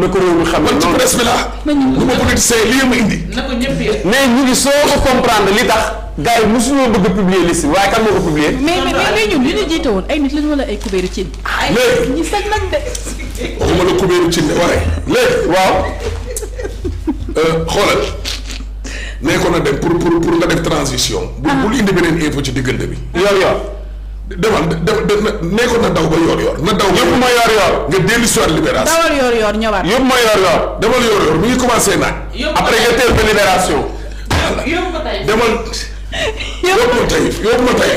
na ko réew mi xam ne ci presse bi laa. lu ma politisee lii ma indi. na ñëpp yëg mais ñu ngi soo ko comprendre li tax. gars yi mosuñoo bëgg a publier liste bi waaye kan moo ko publier. mais mais ñun woon ay nit lañu wala ay kubéeru cin. Ah, ay ñu sañ nañ de. waxuma la kubéeru cin de waaye léegi waaw. Euh, xoolal nekkoon na dem pour pour pour nga def transition. Ah. bu bul indi beneen info ci diggante bi. yow yow. demal ne ko na daw ba yoor yoor na daw yëpp ma yoor yoor nga dellu si waat libération ma yoor yoor demal yoor yoor mu ngi commencé naaj après nga teel ma tey yóbbu ma tey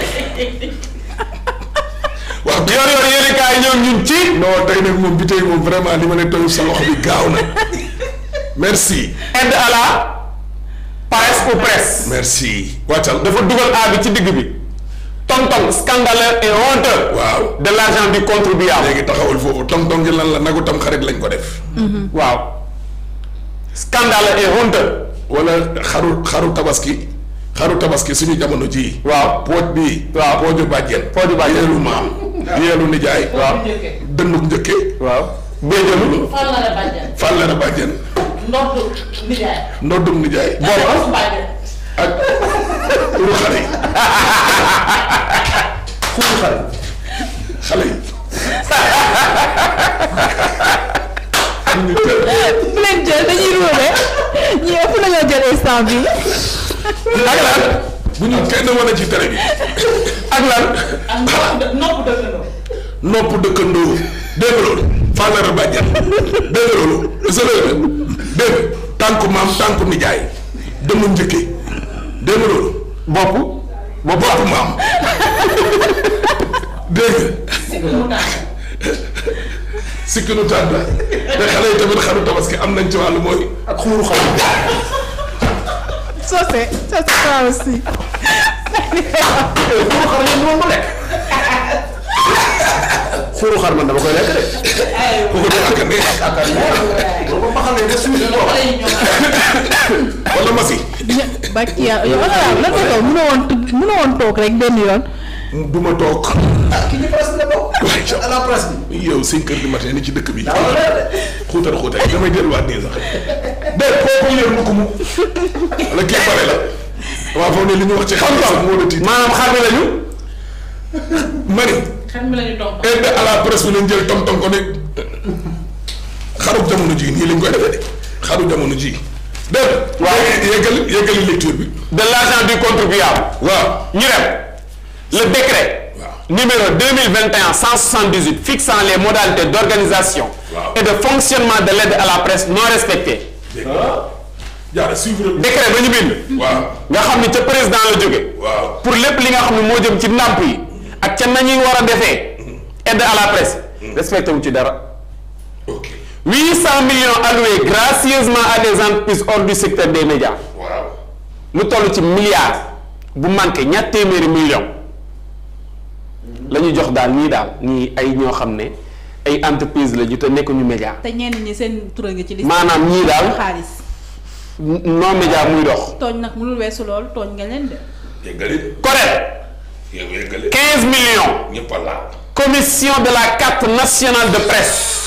waaw yoor yoor yéen i kaay ñoom ñun ci non tey nag moom bi tey moom vraiment li ma ne tey sa loxo bi gaaw na merci aide à la ou presse merci wàccal dafa dugal a ci digg bi tonton scandaleux et honteux. waaw de l' argent du contribuable. léegi taxawul foofu tonton gi lan la nagu tam xarit lañ ko def. Mm-hmm. waaw scandaleux et honteux. wala xaru xaru tabaski. xaru tabaski suñu jamono ji waaw pooj bi waaw pooju bàjjen. pooju bàjjen yeelu maam. yeelu nijaay. waaw dënduk njëkke. waaw béjjëlu. fàllare fàllare bàjjen. ndoddum nijaay. ndoddum nijaay. ak turu xale yi. xuuru xale. xale yi. ñu ngi teel. bu leen jël dañuy ruube ñi ëpp nañoo jël instant bi ak lan. bu ñu kenn wane ci télé bi. ak lan. nopp dëkkandoo. nopp dëkkandoo. dégg loolu. Fallare Badiane. dégg loolu. sële dégg tànku maam tànku nijaay. dama njëkkee. dégg nga loolu. bopp bopp maam dégg nga. sikki nu tànn te xale yi tamit xaru tabaski am nañ ci wàllu mooy ak xuuru xaw soo see soo see xaw si. xuuru xar ngeen moom lekk. xuuru xar man dama lekk rek. ku ko def ak a neex. wala bàcc yàlla yow lan nga toog mënoo woon woon toog rek benn ma toog. la ah, bokk. à la yow cinq heures du matin ni ci dëkk bi. daaw xuutal xuutal damay delluwaat nii sax li ñu wax ci xam-xam moo la tiit maanaam xam ne lañu mani xam ne lañu eh, bi lañ jël tom tom ko ne xaru jamono ji nii lañ koy defee de xaru jamono ji dëgg waaw yëgal yëgali bi. de l' argent du contribuable. waaw ñu dem le décret. numéro deux mille vingt et un cent soixante dix huit fixant les modalités d' organisation. waaw. et de fonctionnement de l' aide à la presse non respectée. jaara suivre décret ba ñu bind. waaw nga xam ni ca président la jóge waaw pour lépp li nga xam ne moo jëm ci ndàmp yi. ak ca nañuy war a defee. Mm-hmm. aide à la presse. Mm-hmm. respecté wu ci dara. 800 millions alloués gracieusement à des entreprises hors du secteur de médias. waaw lu toll ci milliards bu manqué ñaar téeméeri millions la jox daal nii daal nii ay ñoo xam ne ay entreprise la ñu te nekkuñu média. te ñenn ñi seen tur nga ci liste. maanaam ñii daal xaalis. non média muy dox. tooñ nag mënul weesu lool tooñ nga leen de. yëngale. correct. millions. commission de la carte nationale de presse.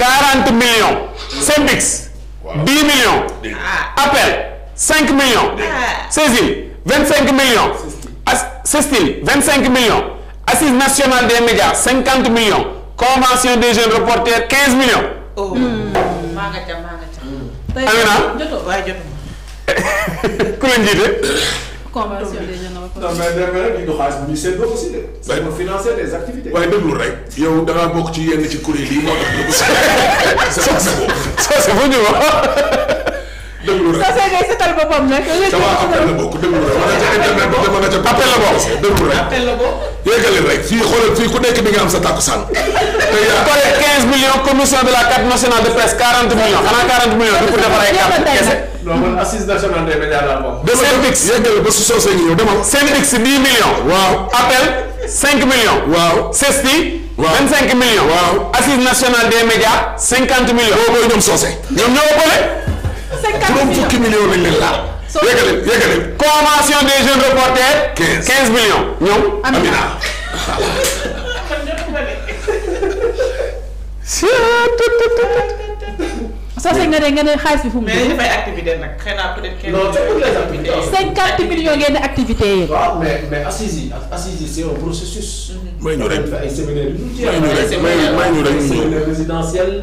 40 millions. Symbix. 10 millions. Appel. 5 millions. Saisine. 25 millions. as Sestil 25 millions. Assise nationale des médias 50 millions. Convention des jeunes reporters 15 millions. oh hmm. maa nga convention des jeunes non mais DPV rek ñu xaalis bu ñu seetloo aussi de. c'est pour financer des activités. waaye déglu rek yow da ngaa bokk ci yenn ci kuréel yi moo tax. ça c'est bon ça c'est bon déglu soo seetee nga ca appel la sa takkusaan. te yaa pare 15 millions commission de la carte nationale de presse 40 de Senpix yéegali ba su waaw appel 5 millions. waaw CESTI. waaw 25 millions. waaw assise nationale des médias 50 millions. boo booy ñoom soose. ñoom ñoo ko juróom fukki millions lañ leen laal. soo yëgale yëgale. convention des jeunes reporters. 15 millions ñëw. Amina Amina. soo nga ne nga ne xaalis bi fu mu. mais dafay activité nag xëy na peut être. non c' cinquante millions ngeen activité yi. may ñu rek ay may ñu rek séminaire may ñu rek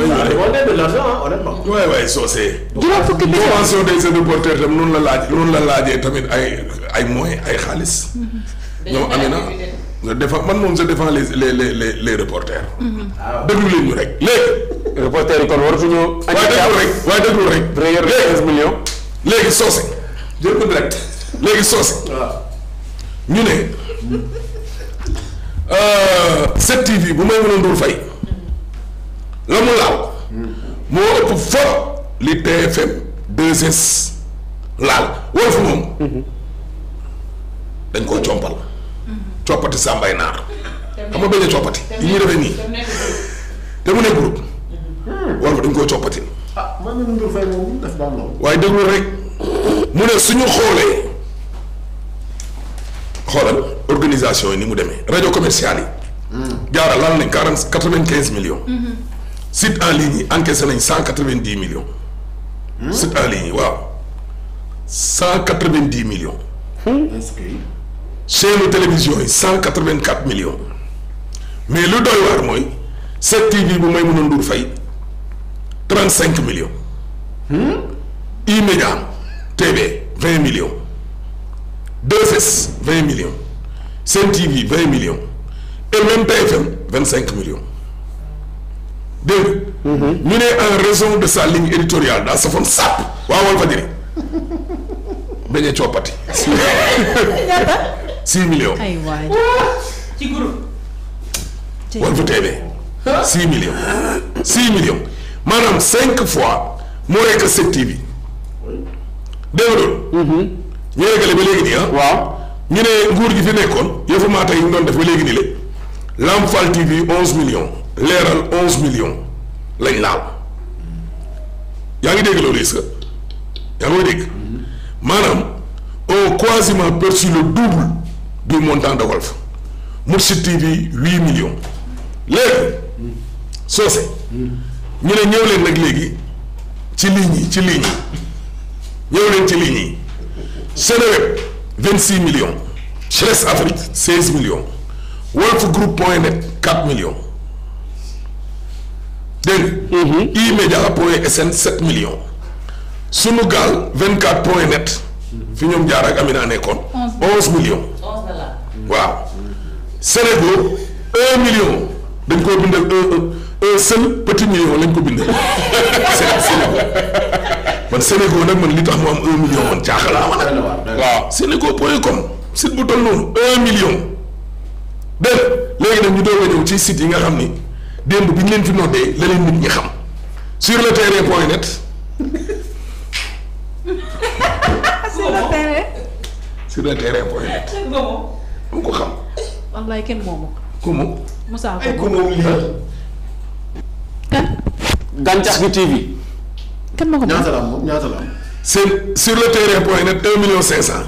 on est mm-hmm. de l' argent honnêtement. waay waay soosee. juróom fukki la laaj noonu la laajee tamit ay ay moyens ay xaalis. Mm-hmm. ñoom amina je défends man moom je défends les les les les reporters. Mm-hmm. Ah, déglu leen ñu rek léegi. reporter yi kon waratuñu. waaye déglu rek waaye déglu rek. premier 15 millions. léegi soose. jël ko direct léegi soose. ñu ne. 7TV euh, bu may mënoon dul fay. la mu laal. moo ëpp foofu li TFM 2S laal wolof moom. dañ koo compal. coppati Samba ay naar. xam nga bañ a coppati. yi ñuy defee nii. te mu nekk groupe. ba dañ koy coppatin. waaye déglu rek mu ne suñu xoolee xoolal organisation yi ni mu demee rajo commercial yi. Hmm. jaara laal nañ quarante quatre vingt quinze millions. Mhm. site en ligne yi nañ cent quatre vingt dix millions. Hmm? site en ligne yi waaw cent quatre vingt dix yi cent quatre vingt quatre millions mais lu doy waar mooy 7TV bu may mën a Ndour Faye trente cinq millions. Hmm? E-Media TV vingt millions. 2S TV vingt millions. et même TFM cinq millions. dégg mhm. ñu ne en raison de sa ligne éditoriale daa safoon sàpp waaw Walfadjri dañee coppati. six millions ay waay ci groupe. Walf TV six millions six millions. maanaam cinq fois moo nekk 7TV dégg nga loolu. Mhm. ñu yeggale ba léegi nii ah. waaw ñu ne nguur gi fi nekkoon yëfu yi ñu doon def ba léegi nii la Lamp Fall TV onze millions leeral onze millions lañ laal yaa ngi dégg loolu est-ce que yaa ngi koy dégg maanaam on quasiment perçu le double du montant de Walf Mourchid TV huit millions léegi soose. Mhm. ñu ne ñëw leen nag léegi ci ligne yi ci ligne yi ñëw leen ci ligne yi Seneweb vingt six millions Chess Afrique seize millions Walf Group point net quatre millions dégg nga iMedia mhm. point sn fi ñoom jaar ak Amina nekkoon onze millions waaw Sénégal million dañ koo bindal un seul petit million lañ ko bindee man Sénégal nag man li tax mu am un million man jaaxal naa ma nag waaw Sénégal point com site bu toll noonu un million dégg léegi nag ñu doog a ñëw ci site yi nga xam ni démb bi ñu leen fi noddee la leen nit ñi xam sur le terrain point net sur le terrain point net mu ko xam wallaay kenn moomu ko moom Moussa ko moom lii gàncax gi TV. kan ma ko moom ñaata la am ñaata la am. le terrain point net un million cinq cent.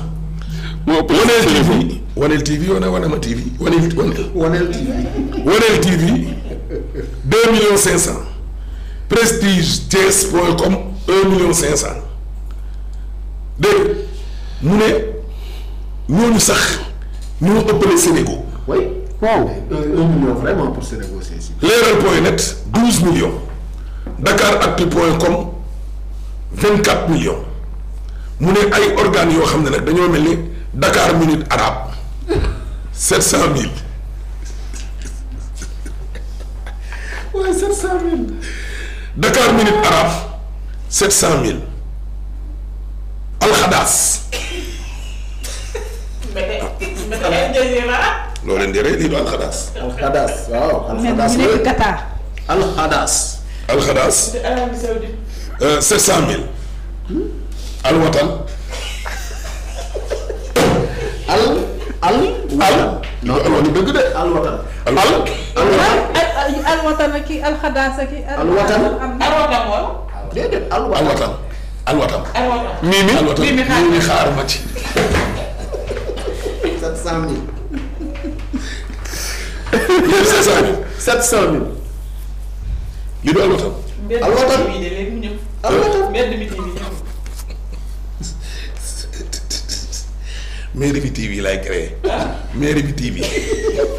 moo ëpp TV Wonel TV wane wane ma TV deux millions cinq cent. prestige Thiès point com un million cinq cent. dégg mu ne ñooñu sax ñoo ëppale Sénégal. waaw un million vraiment pour se négocier ici. leeral point net douze millions Dakaractu point com vingt quatre millions mu ne ay organes yoo xam ne nag dañoo mel ni Dakar Minute Arabe sept cent mille. waaye Minute Arabe sept cent mille. alxadaas. loo leen di rey lii du alxadaas. alxadaas waaw. alxadaas mais bu nekk Qatar. alxadaas. alxadaas. Arabie Saoudite. 700000. alwatan. al. al. al non alwatan dëgg de. alwatan. al al alwatan ak kii alxadaas ak kii. alwatan alwatan wala. déedéet alwatan alwatan. alwatam. alwatam mii mi. alwatam mii mi xaar ma ci. 700000. yéen 500000 700000 li du alwatam. alwatam mbedd mi de léegi mu ñëw. mi TV bi TV laay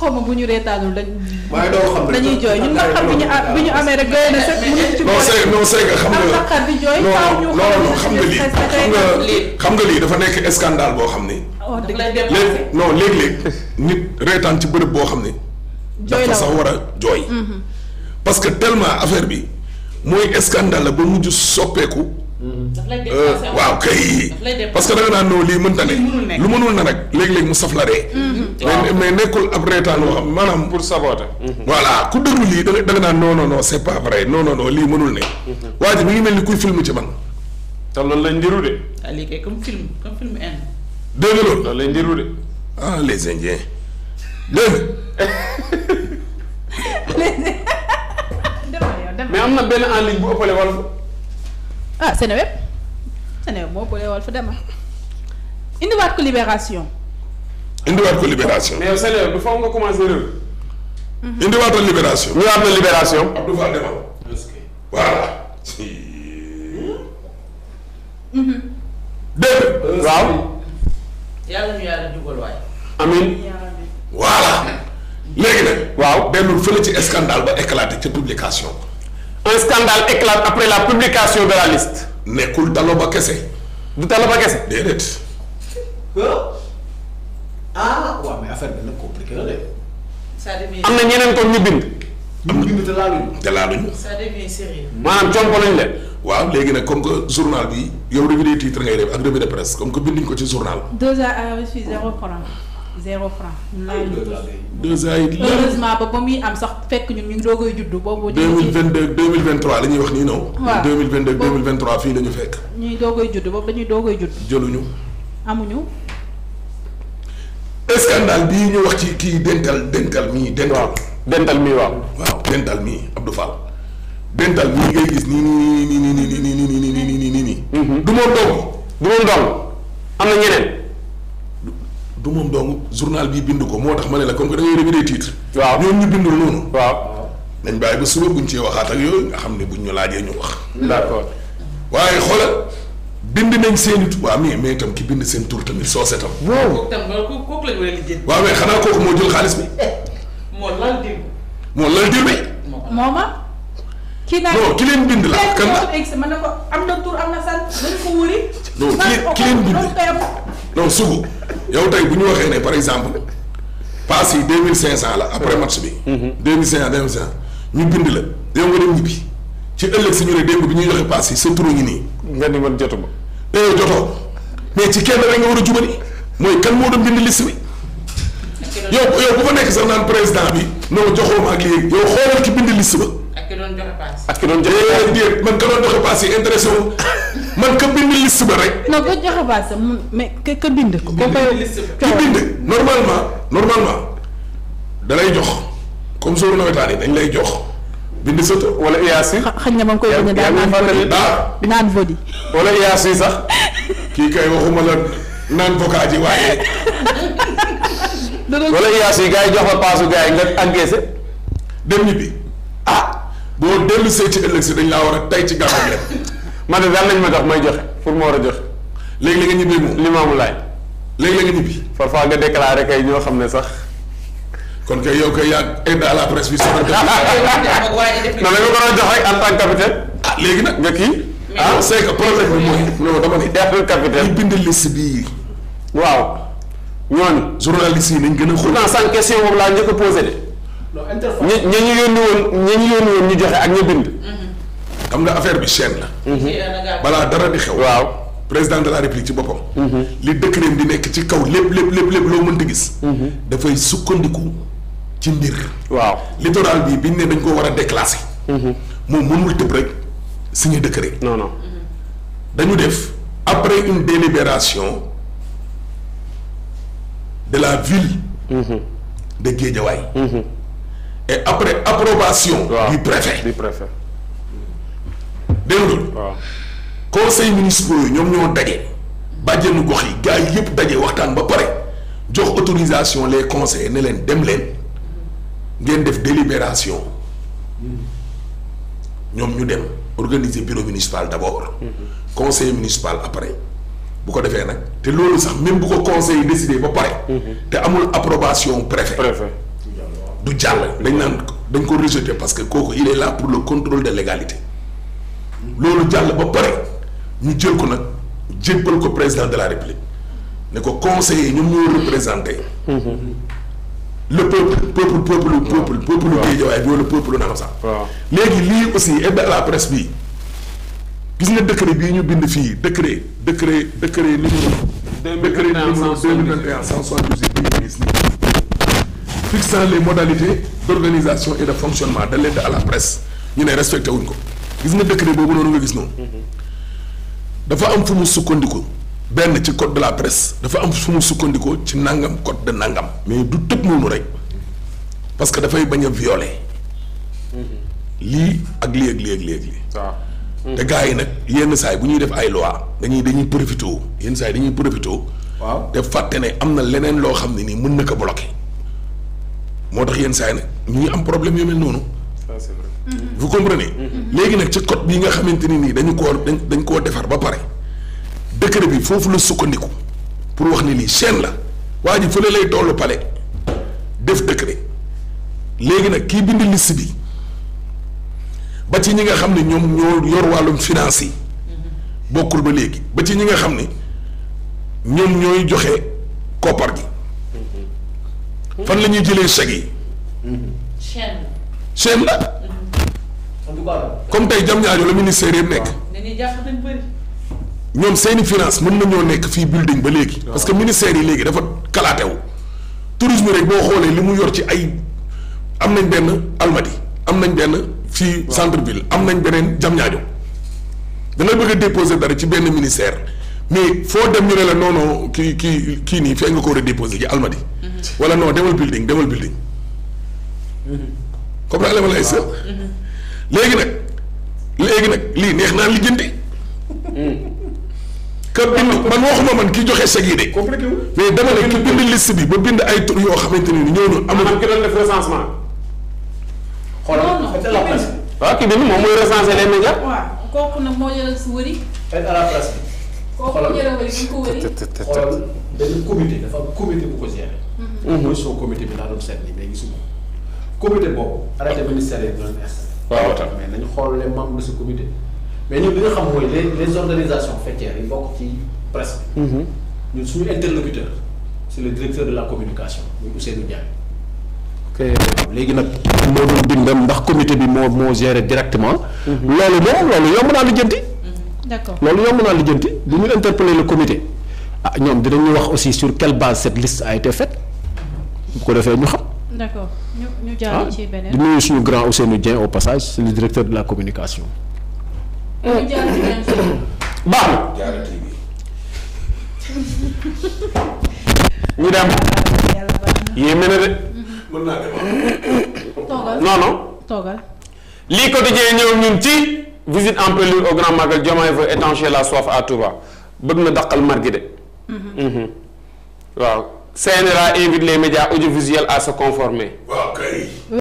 xaw ma bu ñu reetaanul dañ. waaye doo xam dañuy jooy ñun nga xam bi ñu bi ñu amee rek doy na set. mënuñ ci boole non c'est que xam nga. naqar di jooy faaw xam nga lii xam nga xam lii dafa nekk scandale boo xam ni. wax oh, dëgg la léegi non léeg-léeg nit reetaan ci bërëb boo xam ni. jooy dafa sax war a mm-hmm. parce que tellement affaire bi mooy scandale la ba mujj soppeeku. Euh, waaw kay parce que da nga naan noo lii mënta ne lu mënul na nag léeg-léeg mu saf la mm-hmm. Mm-hmm. mais nekkul ab reetaan woo a maanaam pour saboter mm-hmm. voilà ku déglu lii da nga naan non non non c'est pas vrai non non lii mënul ne waa ji mi ngi mel ni kuy film ci man te loolu lañ ndiru de ah, lañ ndiru de ah les indiens dégg am na benn en ligne bu ëppale wala ah Seneweb Seneweb moo boole Walf Dema indiwaat ko Libération. indiwaat ko Libération. mais Seneweb du faw nga commencé réew. Mhm. indiwaat ko Libération. ñëwaat na Libération. Abdou mhm. waaw. yàlla ñu yàlla dugal waay. amiin. voilà. Mhm. léegi nag. waaw ci scandale ba un scandale éclate après la publication de la liste. nekkul Daloba Kese. du Daloba Kese. déedéet. ah waaw mais affaire bi nag compliqué na de. ça am na ñeneen kon ñu bind. ñu bind te laaluñu. te laaluñu. ça devient sérieux. maanaam comp nañ leen. waaw léegi nag comme que journal bi yow revue des titres ngay def ak revue de presse comme que binduñ ko ci journal. zéro franc. ñu laaj deux ans yi ba ba muy am sax fekk ñun ñu ngi doogay juddu boobu. deux mille vingt deux deux mille vingt trois la ñuy wax nii non. waaw deux mille vingt deux deux mille vingt trois fii la fekk. ñuy doogay juddu boobu dañuy doogay juddu. jëluñu. amuñu. scandale bii ñu wax ci kii dental dental mii dental. dental mii waaw. waaw dental mii Abdou Fall. dental mii ngay gis nii nii nii nii nii nii nii nii nii nii nii nii nii nii nii nii nii du moom donc journal bi bind ko moo tax ma ne la comme que da ngay révider titre. waaw ñoom ñu bindul noonu. nañ bàyyi ba suba buñ ci waxaat ak yooyu nga xam ne buñ ñu laajee ñu wax. d'accord waaye xoolal bind nañ seen i. waaw mais mais itam ki bind seen tur tamit soo tam. waaw kooku tam kooku lañ war a lijjanti. waaw mais xanaa kooku moo jël xaalis bi. moo lal moo lal diir bi. mooma. ki ki leen bind la. kan la am na tur am na sant nañ ko wëri. non ki sugu. yow tey bu ñu waxee ne par exemple pass yi deux mille cinq cent la après match bi. Mhm. deux mille cinq cent deux ñu bind la yow nga dem ñibbi ci ëllëg si ñu ne démb bi ñuy joxe pass yi sa turu nii. nga ni man jotuma. Eh, te yow mais ci kenn rek nga war a jubali mooy kan moo doon bind liste bi. yow yow bu fa nekk sax naan président bi. non joxoom ak lii yow xoolal ki bind liste ba. ki doon joxe paas. ak ki doon joxe paas eh, man ka doon joxe paas yi intéressé wu man ka bind liste ba rek. non ko joxe paas mais ka bind. ko ki bind normalement normalement da jox comme sóoru nawetaan yi dañ lay jox. bind sët wala IAC. xañ na ma koy bañ a daan naan vodi wala IAC sax kii kay waxuma la naan bokkaat yi waaye. wala IAC gars yi jox la paasu gars yi nga encaissé dem ñibbi ah. boo dellu see ci ëllëg si dañ laa war a tay ci gàmmu gi man de daan nañ ma jox may joxe pour ma war a joxe léegi la nga ñibbi moom li maamu laay léegi la nga ñibbi parfois nga déclaré kay ñoo xam ne sax kon kay yow kay yaa aide à la presse bi sama non dañu ko doon jox rek en tant que ah, léegi nag nga kii ah, ah c'est que problème bi mooy non dama ne def capitaine ñu bind liste bi waaw ñooñu journaliste yi nañ gën a xool non sans question moom laa njëkk a posé de ñi ña ñu yónni woon ñu yónni woon ñu joxe ak ñu bind. Mm-hmm. xam nga affaire bi chaîne la. Mm-hmm. balaa dara di xew. waaw président de la république ci boppam. Mm-hmm. li décret di nekk ci kaw lépp lépp lépp lépp loo mënti gis. dafay sukkandiku ci mbir. waaw littoral bi biñ ne dañ ko war a déclassé. moom mënul tëb rek signé décret. non non dañu def après une délibération de la ville. de Guédiawaye. et après approbation du préfet du préfet dégg nga waaw conseil municipal yi ñoom ñoo daje bàjjenu gox yi gaa yi yëpp daje waxtaan ba pare jox autorisation les conseil ne leen dem leen ngeen def délibération ñoom ñu dem organiser bureau municipal d'abord mhm. conseil municipal après bu ko defee nag te loolu sax même bu ko conseil décidé ba pare mhm. te amul approbation préfet préfet du jàll dañ naan dañ ko rejeter parce que kooku il est là pour le contrôle de légalité loolu jàll ba pare ñu jël ko nag jébbal ko président de la république ne ko conseiller ñoom ñoo représenté mm-hmm. le peuple peuple peuple peuple peuple Guédiawaye bi wala peuple nangam sax léegi lii aussi aide eh à la presse bi gis nga décret bii ñu bind fii décret décret décret numéro décret numéro deux mille vingt et un cent soixante a les modalité d'organisation et de fonctionnement de l'aide à la presse ñu ne respecté wuñ ko gis nga décret boobu noonu nga gis noonu. dafa am fu mu sukkandiku benn ci code de la presse dafa am fu mu sukkandiku ci nangam code de nangam. mais du tëb noonu rek parce que dafay bañ a violer. lii ak lii ak lii ak lii ak lii. waaw hmm. te gars yi nag yenn saa bu ñuy def ay loi dañuy dañuy profité yenn saa dañuy profité. waaw te fàtte ne am na leneen loo xam ne nii mën na ko bloqué. moo tax yenn saa yi nag ñuy am problème yu mel noonu. c'est vrai. Mm-hmm. Mm-hmm. Mm-hmm. léegi nag ci code bii nga xamante ni nii dañu koo dañ dañ koo defar ba pare décret bi foofu la sukkandiku pour wax ni lii chaîne la waa ji fële lay tollu palais def décret léegi nag kii bind liste bi ba ci ñi nga xam ne ñoom ñoo yor wàllum finance bokkul ba léegi ba ci ñi nga xam ne ñoom ñooy joxe koppar gi. fan la ñuy jëlee chèque yi. chaîne la. la. comme tey jam ñaajo la ministère yëpp nekk. ñoom seeni finance mën nañoo nekk fii building ba léegi. parce que ministère yi léegi dafa kalaatewu tourisme rek boo xoolee li mu yor ci ay am nañ benn almadi am nañ benn fii centre ville am nañ beneen jam ñaajo dangay bëgg a dara ci benn ministère. mais foo dem ñu ne la non non kii kii kii nii fee nga ko war a déposé ji almadi. Mhm. wala non demal building demal building. comprendre nga ay sër. léegi nag léegi nag lii neex naa lijjanti. Mhm. ka bind man waxuma man ki joxe chèque yi de. compliqué wu mais dama ne ki bind liste bi ba bind ay tur yoo xamante ni ñoo ñu. amul ki doon def recensement. xoolal waaw ah, ki bind moom mooy recenser les médias. waaw kooku nag moo jëlal xoolal xoolal benn comité dafa am comité bu ko gérer. mooy soo comité bi laa doon seet nii mais gisuma comité boobu arrêté ministère yi ñu doon waaw waaw mais nañu xool les membres de ce comité. mais ñun li nga xam mooy les les organisations faîtières ci presse bi. le la communication muy léegi nag moo doon ndax comité bi moo moo géré directement. loolu moom loolu yomb naa lu d'accord loolu yomb naa lijjanti li ñu interpeller le comité ah ñoom dinañu wax aussi sur quelle base cette liste a été bu ko defee ñu xam. d'accord ñu ñu jàll ah, ci beneen. di nuyu suñu grand Ousseynou Dieng au passage c'est le directeur de la communication. Euh, ñu jàll ci beneen baax na. ñu dem. yéeme na de. mën naa dem non non. toogal. lii quotidien ci. visite en pelure au grand magal Diomaye veut étancher la soif à Touba bëgg na daqal mar de. Mhm. Mhm. waaw CNRA invite les médias audiovisuels à se conformer. waaw kay.